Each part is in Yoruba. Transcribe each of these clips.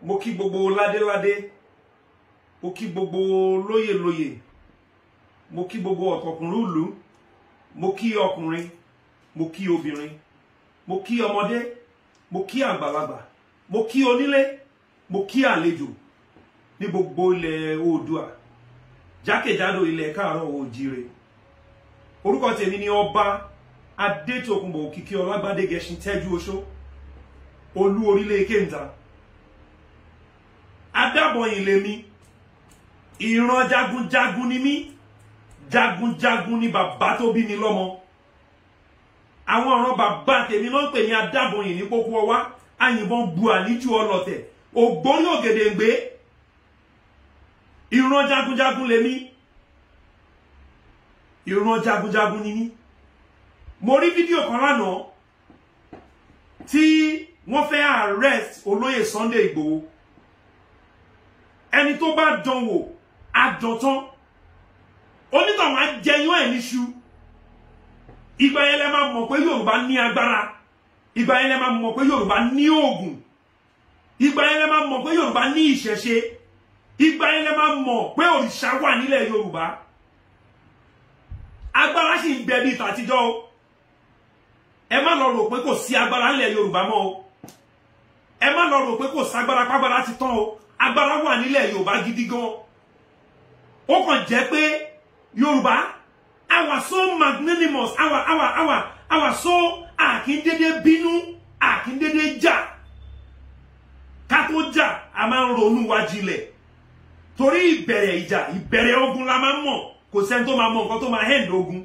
mo kí gbogbo ládéládé mo kí gbogbo lóyèlóyè mo kí gbogbo ọ̀tọ̀kùnrin ìlú mo kí ọkùnrin mo kí obìnrin mo kí ọmọdé mo kí àgbàlagbà mo kí onílé mo kí àlejò ní gbogbo ilẹ̀ oòdùà jákèjádò ilẹ̀ káàárọ̀ oòjíire orúkọ tèmi ni ọba adétòkunbọ̀ òkìkí ọlágbádé gẹṣin tẹ́jú oṣó olú orílẹ̀ kéńtà adábọ̀yìn lèmi ìran jagunjagun ni mí jagunjagun ni bàbá tó bí mi lọ́mọ àwọn ọ̀ràn bàbá tèmi ló ń pè ní adábọ̀yìn ní pópó ọwá àyìnbọn bu àníjù ọlọ̀tẹ̀ ògbóyò gèdèǹgbé ìran jagunjagun lèmi ìran jagunjagun ni mí mo rí fídíò kan lánàá tí wọ́n fẹ́ arrest olóyè Sunday Igboho ẹni tó bá dán wò àdọ̀tán onítọ̀hún ajẹyún ẹ̀ níṣu ìgbà yẹn lẹ máa mọ̀ pé Yorùbá ní agbára ìgbà yẹn lẹ máa mọ̀ pé Yorùbá ní oògùn ìgbà yẹn lẹ máa mọ̀ pé Yorùbá ní ìṣẹ̀ṣe igba yẹn lẹ máa mọ̀ pé òrìṣà wà nílẹ̀ yorùbá agbára sì ń gbẹ bí tàtijọ́ o ẹ má lọ rò pé kò sí agbára nílẹ̀ yorùbá mọ́ o ẹ má lọ rò pé kò ságbára pàgbára ti tán o agbára wà nílẹ̀ yorùbá gidi gan ó kàn jẹ́ pé yorùbá àwa so magnanimous àwa àwa àwa àwa so àkíndédé binu àkíndédé jà ká tó a máa ń ronú wájú ilẹ̀. torí ìbẹ̀rẹ̀ ìjà ìbẹ̀rẹ̀ ogun la máa ń mọ̀ kò sẹ́ni tó máa mọ nǹkan tó máa hẹ́ǹd ogun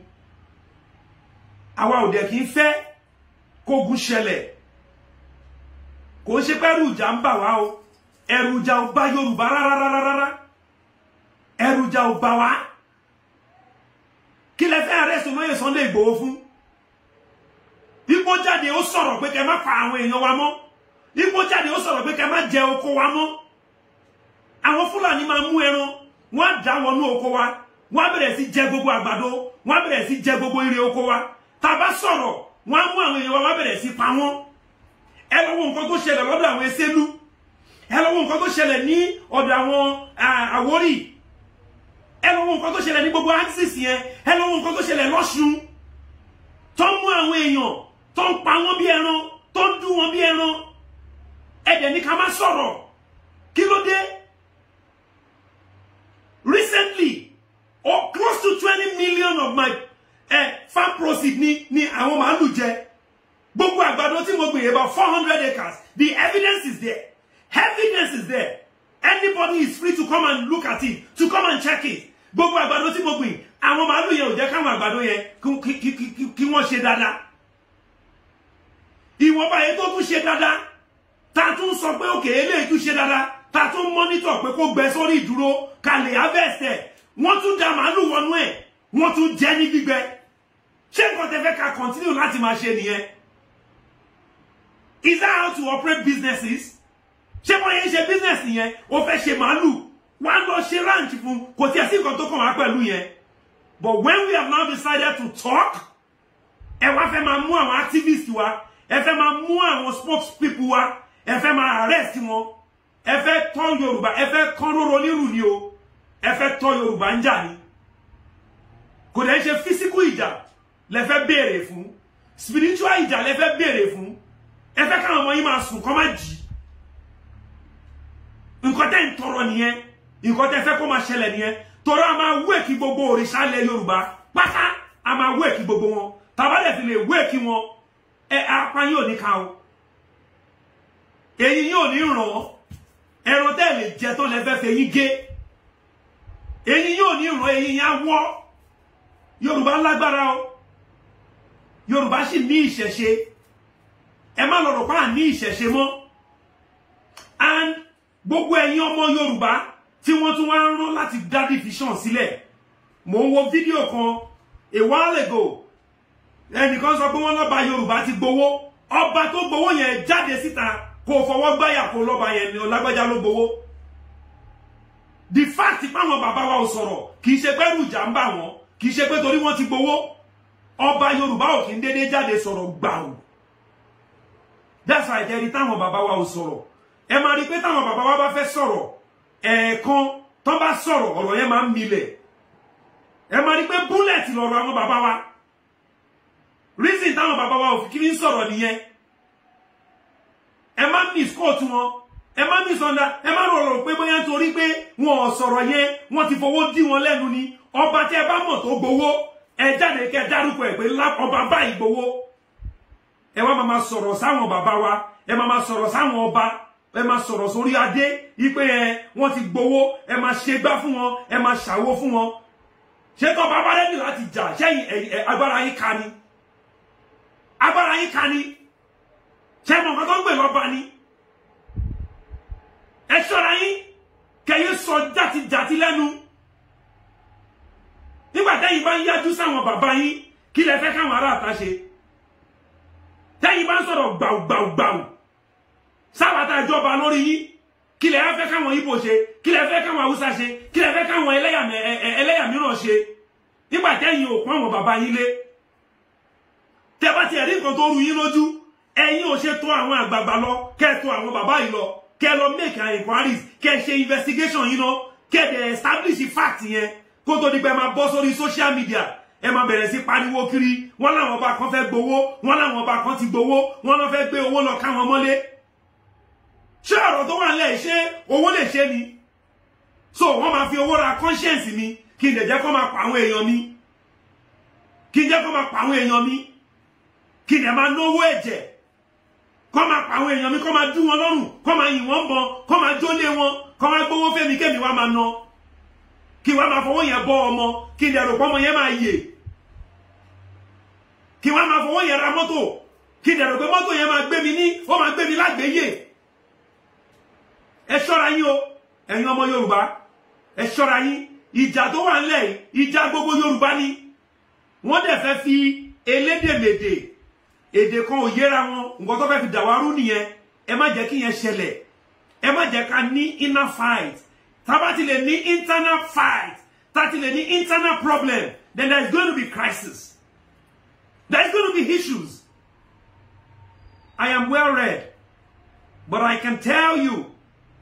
àwa ò dẹ̀ fẹ́ kógun ṣẹlẹ̀ kò ṣe pé ìjà ń wá o ẹrù ìjà ò bá Yorùbá rárárárá ẹrù ìjà ò wá kí lẹ fẹ́ Sunday Ìgbòho fún ipò jáde ó sọ̀rọ̀ pé àwọn fúlàní máa mú ẹran wọ́n á dá wọnú oko wa wọ́n á bẹ̀rẹ̀ sí jẹ gbogbo àgbàdo wọ́n á bẹ̀rẹ̀ sí jẹ gbogbo ire oko wa tá a bá sọ̀rọ̀ wọ́n á mú àwọn èèyàn wa wọ́n á bẹ̀rẹ̀ sí pa wọ́n ẹ lọ wo nǹkan tó ṣẹlẹ̀ lọ́dọ̀ àwọn Ẹsẹ́lú ẹ lọ wo nǹkan tó ṣẹlẹ̀ ní ọ̀dọ̀ àwọn Àwórì ẹ lọ wo nǹkan tó ṣẹlẹ̀ ní gbogbo axis yẹn ẹ lọ wo nǹkan tó ṣẹlẹ̀ lọ́ṣun tó ń mú àwọn èèyàn tó ń pa wọ́n bí ẹran tó ń dú wọn bí ẹran ẹ ní ká má sọ̀rọ̀ kí ló dé million of my eh, farm proceed ni ni àwọn màálù jẹ gbogbo àgbàdo tí mo gbìn about four hundred acres the evidence is there evidence is there anybody is free to come and look at it to come and check it gbogbo àgbàdo tí mo gbìn àwọn màálù yẹn ò jẹ́ káwọn àgbàdo yẹn kí wọ́n ṣe dáadáa ìwọ̀nba yẹn tó tún ṣe dáadáa ta tún sọ pé òkè eléyìí tún ṣe dáadáa ta tún mọ́nítọ̀ pé kó gbẹ sórí ìdúró kalẹ̀ harvest ẹ̀ wọ́n tún da màálù wọnú ẹ̀ wọ́n tún jẹ́ ní gbígbẹ ṣé nǹkan tẹ́ fẹ́ ká continue láti máa ṣe nìyẹn is that how to operate businesses ṣé wọ́n yẹn ṣe business yẹn o fẹ́ ṣe màálù wọ́n á lọ ṣe ranch fún kò tiẹ̀ sí nǹkan tó kàn wá pẹ̀lú yẹn but when we have now decided to talk ẹ wá fẹ́ máa mú àwọn activists wa ẹ fẹ́ máa mú àwọn people wa ẹ fẹ́ máa arrest wọn ẹ fẹ́ tọ́ Yorùbá ẹ fẹ́ kán róró nírù ni o ẹ fẹ́ tọ́ Yorùbá ń jà ni kò dẹ̀ ń ṣe physical ìjà lẹ fẹ́ béèrè fún spiritual ìjà lẹ fẹ́ béèrè fún ẹ fẹ́ káwọn ọmọ yín máa sùn kọ́ máa jì nǹkan tẹ́ ń tọrọ nìyẹn nǹkan tẹ́ fẹ́ kó máa ṣẹlẹ̀ nìyẹn tọrọ a máa wéèkì gbogbo òrìṣà ilẹ̀ Yorùbá pátá a máa wéèkì gbogbo wọn tàbálẹ̀ fi lè wéèkì wọn ẹ apá yóò ní ká o èyí yóò ní ràn ọ́ ẹran tẹ́ lè jẹ tó lẹ fẹ́ fẹ́ yín gé èyí yóò ní ràn ẹ̀yìn yá wọ́ yorùbá lágbára o yorùbá sì ní ìṣẹ̀ṣe ẹ má lọ rò pa ní ìṣẹ̀ṣe mọ́ and gbogbo ẹ̀yin ọmọ yorùbá tí wọ́n tún wá ń rán láti dá division sílẹ̀ mò ń wo fídíò kan a while ago ẹnìkan sọ pé wọ́n lọ́ba yorùbá ti gbowó ọba tó gbowó yẹn jáde síta kò fọwọ́ gbáyà kó lọ́ba yẹn ni ọlágbájá ló gbowó the fact pàwọn bàbá wa ò sọ̀rọ̀ kì í ṣe pẹ́rù ìjà ń bà wọ́n kì í ṣe pé torí wọ́n ti gbowó ọba yorùbá ò kí ń dédé jáde sọ̀rọ̀ gbàù that's why ẹ̀jẹ̀ rí táwọn bàbá wa ò sọ̀rọ̀ ẹ máa rí pé táwọn bàbá wa bá fẹ́ sọ̀rọ̀ ẹ̀ẹ̀kan tán bá sọ̀rọ̀ ọ̀rọ̀ yẹn máa ń milẹ̀ ẹ máa rí pé búlẹ̀tì lọ̀rọ̀ àwọn bàbá wa reason táwọn bàbá wa ò fi kí ń sọ̀rọ̀ nìyẹn ẹ máa ń mìskóòtù wọn ẹ má mi sọ̀ndà ẹ má rọrọ̀ pé bóyá nítorí pé wọn ò sọ̀rọ̀ yẹn wọ́n ti fowó dí wọn lẹ́nu ni ọba tẹ́ ẹ bá mọ̀ tó gbowó ẹ jáde kẹ́ dárúkọ ẹ̀ pé ọba báyìí gbowó ẹ wá máa sọ̀rọ̀ sáwọn bàbá wa ẹ máa sọ̀rọ̀ sáwọn ọba ẹ máa sọ̀rọ̀ sórí adé wípé ẹ wọ́n ti gbowó ẹ máa ṣègbà fún wọn ẹ máa ṣàwo fún wọn ṣé tó bá bá lẹ́nu láti jà sẹ́yìn agbára yín ka ni agbára yín ka ni ṣé mọ̀ nǹkan tó ń gbè lọ́ba ni ẹ ṣọ́ra yín kẹyẹ sọ jàtijàti lẹ́nu nígbà tẹ́yìn bá ń yájú sáwọn bàbá yín kí lẹ fẹ́ káwọn aráàta ṣe tẹ́yìn bá ń sọ̀rọ̀ gbàùgbàùgbàù sábà tá a jọba lórí yín kí lẹ fẹ́ káwọn ibo ṣe kí lẹ fẹ́ káwọn haúsá ṣe kí lẹ fẹ́ káwọn ẹlẹ́yà mìíràn ṣe nígbà tẹ́yìn ò pọ́n àwọn bàbá yín lé tẹ́ bá ti ẹ̀rí nǹkan tó rú yín lójú ẹ̀yin ò ṣe tó àwọn àgbààgbà lọ kẹ́ tó àwọn bàbá yìí lọ kẹ́ lọ make inquiries kẹ́ ṣe investigation yìí lọ kẹ́ dẹ̀ establish fact yẹn kó tó di pé ẹ máa bọ́ sórí social media ẹ máa bẹ̀rẹ̀ sí pariwo kiri wọ́n láwọn ọba kan fẹ́ gbowó wọ́n láwọn ọba kan ti gbowó wọ́n lọ fẹ́ gbé owó lọ káwọn mọ́lé ṣé ọ̀rọ̀ tó wà nílẹ̀ ṣé owó lè ṣe ni so wọ́n máa fi owó ra conscience mi kí n lè jẹ́ kó máa pa àwọn èèyàn mi kí n jẹ́ kó máa pa àwọn èèyàn mi kí n lè máa náwó ẹ̀jẹ̀ kọ́ máa pa àwọn èèyàn mi kọ́ máa dú wọn lọ́rùn kọ́ máa yìn wọ́n bọ̀ kọ́ máa jólé wọn kọ́ máa gbowó fẹ́mi kẹ́mi wá máa ná kí wá máa fọwọ́ yẹn bọ́ ọmọ kí ilẹ̀ rò pọ́mọ yẹn máa yè kí wá máa fọwọ́ yẹn ra mọ́tò kí ilẹ̀ rò pé mọ́tò yẹn máa gbé mi ní ó máa gbé mi lágbèéyè ẹ ṣọ́ra yín o ẹ̀yin ọmọ Yorùbá ẹ ṣọ́ra yín ìjà tó wà ńlẹ̀ ìjà gbogbo Yorùbá ni wọ́n dẹ̀ fẹ́ fi elédèmèdè èdè kan ò yéra wọn nǹkan tó fẹ́ fi dàwárú nìyẹn ẹ má jẹ́ kí yẹn ṣẹlẹ̀ ẹ má jẹ́ ká ní inner fight tá bá ti ní internal fight tá ti lè ní internal problem then there is going to be crisis there is going to be issues I am well read but I can tell you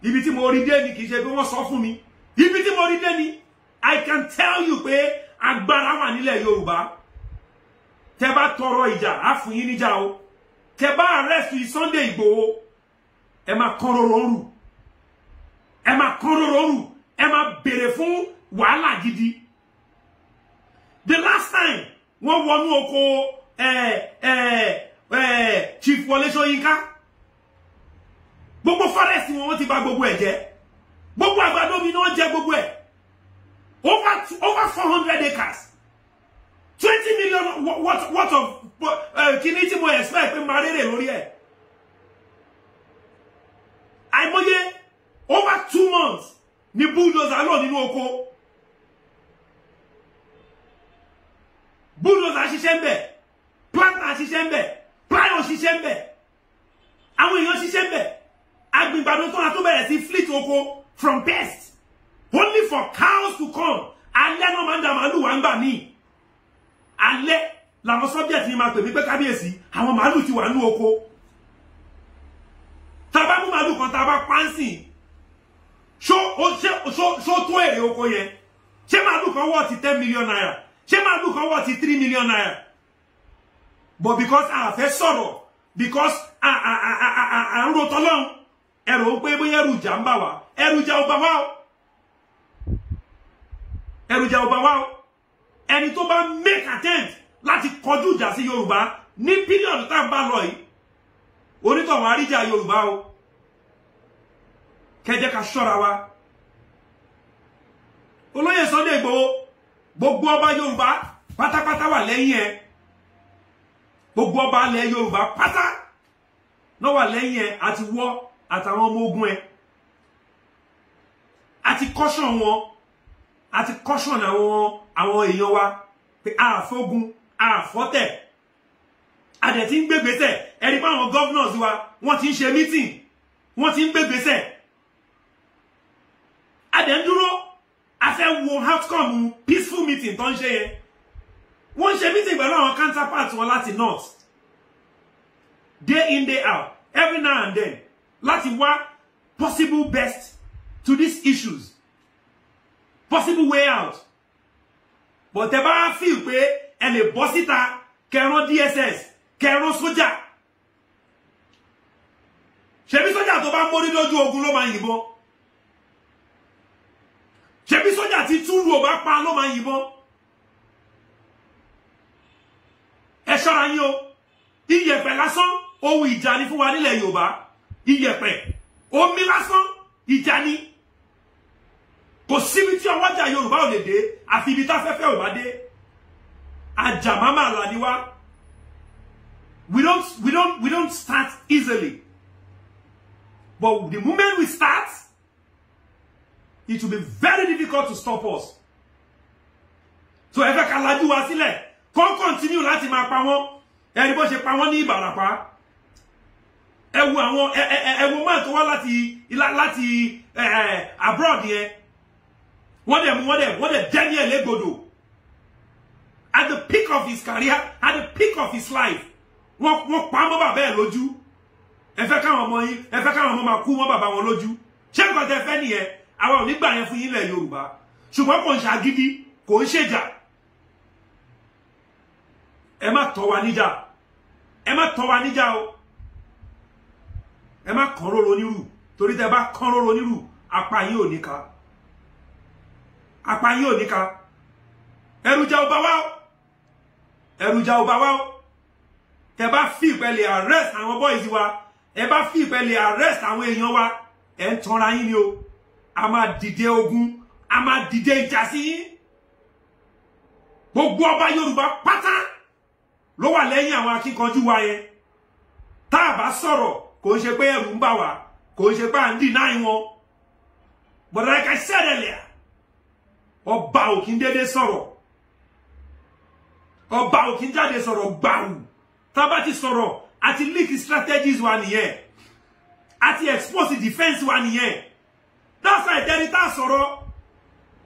ibi tí mo rí dé ni kì í ṣe bí wọ́n sọ fún mi ibi tí mo rí dé ni I can tell you pé agbára wà nílẹ̀ Yorùbá tẹ́ bá tọrọ ìjà á yín níjà o tẹ́ bá arrest Sunday Igboho ẹ máa kán roro rù ẹ máa kán roro rù ẹ máa béèrè fún wàhálà gidi the last time wọ́n wọnú oko ẹ̀ ẹ̀ ẹ̀ Chief Wọlé Ṣóyínká gbogbo forest wọn wọ́n ti bà gbogbo ẹ̀ jẹ́ gbogbo àgbàdo mi náà jẹ gbogbo ẹ̀ over over four hundred acres twenty million what what of uh, kíní tí mo expect pé máa rèrè lórí ẹ̀ e? àìmọye over two months ni bulldozer lọ nínú oko bulldozer ṣiṣẹ́ ń bẹ̀ planter ṣiṣẹ́ ń bẹ̀ plier ṣiṣẹ́ ń bẹ̀ àwọn èèyàn ṣiṣẹ́ ń bẹ̀ agbègbàdo tó ra tó bẹ̀rẹ̀ sí fleet oko from pest only for cows to come alẹ́ náà máa ń da màálù wá ń gbà míì alẹ́ làwọn subject yìí máa tèmi pé kábíyèsí àwọn màálù ti wà ní oko tá a bá mú màálù kan tá a bá pánsì ṣó ṣó èrè oko yẹn ṣé màálù kan wọ̀ ti ten million naira ṣé màálù kan wọ̀ ti three million naira but because a fẹ́ sọ̀rọ̀ because a a a a a a ń ro tọ́lọ́run ẹ̀rọ ń pé bóyá ẹrù ìjà ń bà wá ẹrù ò bà wá o ẹrù ò bà wá o ẹni tó bá make attempt láti kọjú ìjà sí yorùbá ní bílíọ̀nù tá à ń bá lọ yìí onítọ̀hún àríjà yorùbá o kẹjẹ ká ṣọ́ra wa olóyè Sunday Igboho gbogbo ọba yorùbá pátápátá wà lẹ́yìn ẹ gbogbo ọba ilẹ̀ yorùbá pátá náà wà lẹ́yìn ẹ àti wọ́ àtàwọn ọmọ ogun ẹ àti kọ́ṣọ̀n wọn àti kọ́ṣọ̀n àwọn àwọn èèyàn wa pé àfogun àfọ́tẹ̀ àdẹ̀ tí ń gbégbésẹ̀ ẹ̀rí pé àwọn governors wa wọ́n ti ń ṣe meeting wọ́n ti ń gbégbésẹ̀ àdẹ̀ ń dúró a fẹ́ wo outcome peaceful meeting tó ń ṣe yẹn wọ́n ń ṣe meeting pẹ̀lú àwọn counterparts wọn láti north day in day out every now and then láti wá possible best to these issues possible way out bọ̀ tẹ́ bá fi pé ẹ lè bọ́ síta kẹran DSS kẹran sójà ṣebí sójà tó bá mórí lójú ogun ló máa yìnbọn ṣebí sójà tí túrú ò bá pa ló máa yìnbọn ẹ ṣọ́ra yín o iyẹ̀pẹ̀ lásán ohun ìjà ni fún wa nílẹ̀ Yorùbá iyẹ̀pẹ̀ omi lásán ìjà ni kò síbi tí ọwọ́jà yorùbá ò lè dé àfi ibi táfẹ́fẹ́ ò bá dé àjàmámà làníwá we don't we don't we don't start easily but the moment we start it will be very difficult to stop us so ẹ fẹ́ ká lajú wa sílẹ̀ kó continue láti máa pa wọ́n ẹni bó ṣe pa wọ́n ní ìbàràpá ẹ wo àwọn ẹ ẹ ẹ wo máa tó wá láti láti eh, eh, abroad yẹn. What dẹ̀ mú wọ́n dẹ̀ wọ́n dẹ̀ Daniel Egbodo at the peak of his career at the peak of his life What what pa mọ́ bàbá ẹ̀ lójú ẹ fẹ́ káwọn ọmọ yín ẹ fẹ́ káwọn ọmọ máa kú mọ́ bàbá wọn lójú ṣé nǹkan tẹ fẹ́ nìyẹn àwa ò ní gbà yẹn fún yín ilẹ̀ Yorùbá ṣùgbọ́n kò ń ṣàgídí kò ń ṣèjà o ẹ apa yín ò ní ká ẹrù jẹ ọba wa o ẹrù ọba wa o tẹ bá fi ìpẹlẹ arrest àwọn boys wa ẹ bá fi ìpẹlẹ arrest àwọn èèyàn wa ẹ ń tanra yín ni o a máa dìde ogun a máa dìde ìjà sí yín gbogbo ọba Yorùbá pátá ló wà lẹ́yìn àwọn akíkanjú wa yẹn tá a bá sọ̀rọ̀ kò ń ṣe pé ẹ̀rù ń bà wá kò ń ṣe pé à ń dì náà wọn but like I said ọba ò kí ń dédé sọ̀rọ̀ ọba ò kí ń jáde sọ̀rọ̀ gbàù tá ti sọ̀rọ̀ àti leak strategies wa nìyẹn àti expose defence wa nìyẹn that's why ìtẹ́rí tá a sọ̀rọ̀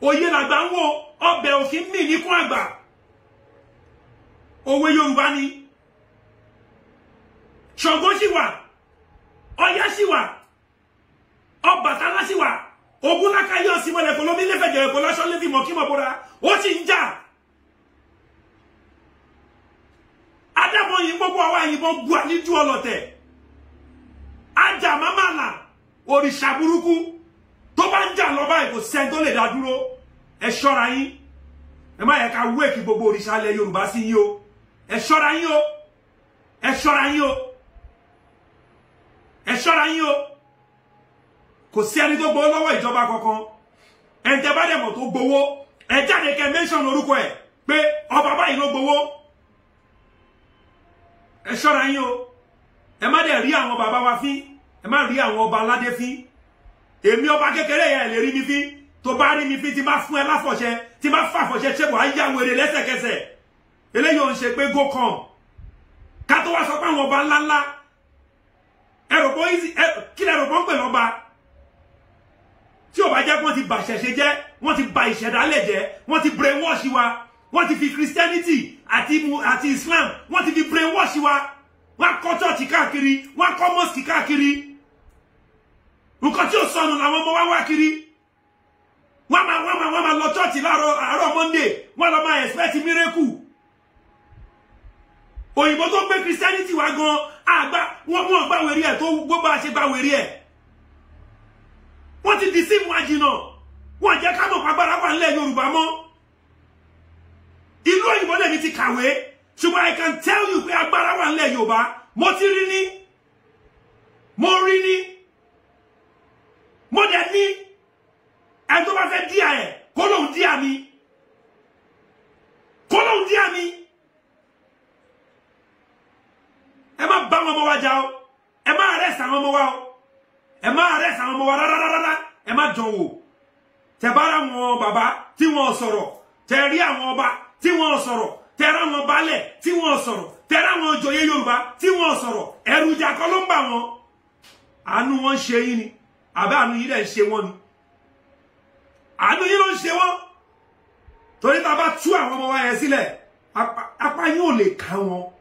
òye làgbà ń wò ọbẹ̀ ò kí ń mì níkún àgbà òwe Yorùbá ni Ṣàngó sì wà sì wà Ọbàtálá sì wà. ogunlaka yọ sí wẹlẹ kó lómi lẹfẹjẹ kó lọsọ lẹfi mọ kí mọ bóra ó sì ń jà adámọ yìí gbogbo àwa àyìnbọn bu àníjú ọlọ̀tẹ̀ ajá mamala òrìṣà burúkú tó bá ń jà lọ báyìí kò sẹ́ni tó lè dá dúró ẹ ṣọ́ra yín ẹ má yẹ ká wéèkì gbogbo òrìṣà ilẹ̀ yorùbá sí yín o ẹ ṣọ́ra yín o ẹ ṣọ́ra yín o ẹ ṣọ́ra yín o kò sí ẹni tó gbowó lọ́wọ́ ìjọba kankan ẹ̀ǹtẹ̀ bá dẹ̀ mọ̀ tó gbowó ẹ̀ jáde kẹ́ mẹ́ṣọ̀n orúkọ ẹ̀ pé ọba báyìí ló gbowó ẹ ṣọ́ra yín o ẹ má dẹ̀ rí àwọn bàbá wa fín ẹ má rí àwọn ọba aládé fín èmi ọba kékeré yẹn lè rí mi fín tó bá rí mi fín tí bá fún ẹ láfọ̀ṣẹ tí bá fàfọ̀ṣẹ ṣé wàá yá wèrè lẹ́sẹ̀kẹsẹ̀ eléyìí ò ń ṣe pé gòkàn ká tó wá sọ pé àwọn ọba ńláńlá ẹ rò pé kí ń pè lọ́ba tí ò bá jẹ́ pé wọ́n ti bàṣẹ̀ṣe jẹ́ wọ́n ti ba ìṣẹ̀dálẹ̀ jẹ́ wọ́n ti brainwash wa wọ́n ti fi christianity àti àti islam wọ́n ti fi brainwash wa wọ́n á kọ́ chọ́ọ̀chì káàkiri wọ́n á kọ́ mọ́sìkì káàkiri nǹkan tí ò sọnù làwọn ọmọ wa wá kiri wọ́n máa wọ́n máa wọ́n máa lọ chọ́ọ̀chì láàárọ̀ àárọ̀ monday wọ́n lọ máa expect miracle òyìnbó tó gbé christianity wa gan àgbà wọ́n gbà wẹ̀rí ẹ̀ tó gbogbo àṣegbà wẹ̀rí ẹ̀ wọ́n ti di síìmù àjìnà wọ́n jẹ́ ká mọ̀ pàgbára wà nílẹ̀ Yorùbá mọ́ ìlú òyìnbó lèmi ti kàwé ṣùgbọ́n I can tell you pé agbára wà nílẹ̀ Yorùbá mo ti rí ní mo rí ní mo dẹ̀ ní ẹni tó bá fẹ́ díà ẹ̀ kó lóun díà mi kó lóun díà mi ẹ má bá wọn ọmọ wa jà o ẹ má arrest àwọn ọmọ wa o ẹ má arrest àwọn ọmọ wa rárá ẹ má jọ wò tẹ bá ra wọn bàbá tí wọn sọ̀rọ̀ tẹ rí àwọn ọba tí wọn sọ̀rọ̀ tẹ ra wọn baálẹ̀ tí wọn sọ̀rọ̀ tẹ ra wọn joyè Yorùbá tí wọn sọ̀rọ̀ ẹ̀rù ìjà kọ́ ló ń bà wọ́n àánú wọn ṣe yín ni àbí àánú yín dẹ̀ ń ṣe wọ́n ni àánú yín ló ń ṣe wọ́n torí tá a bá tú àwọn ọmọ wa yẹn sílẹ̀ apá yín lè ká wọn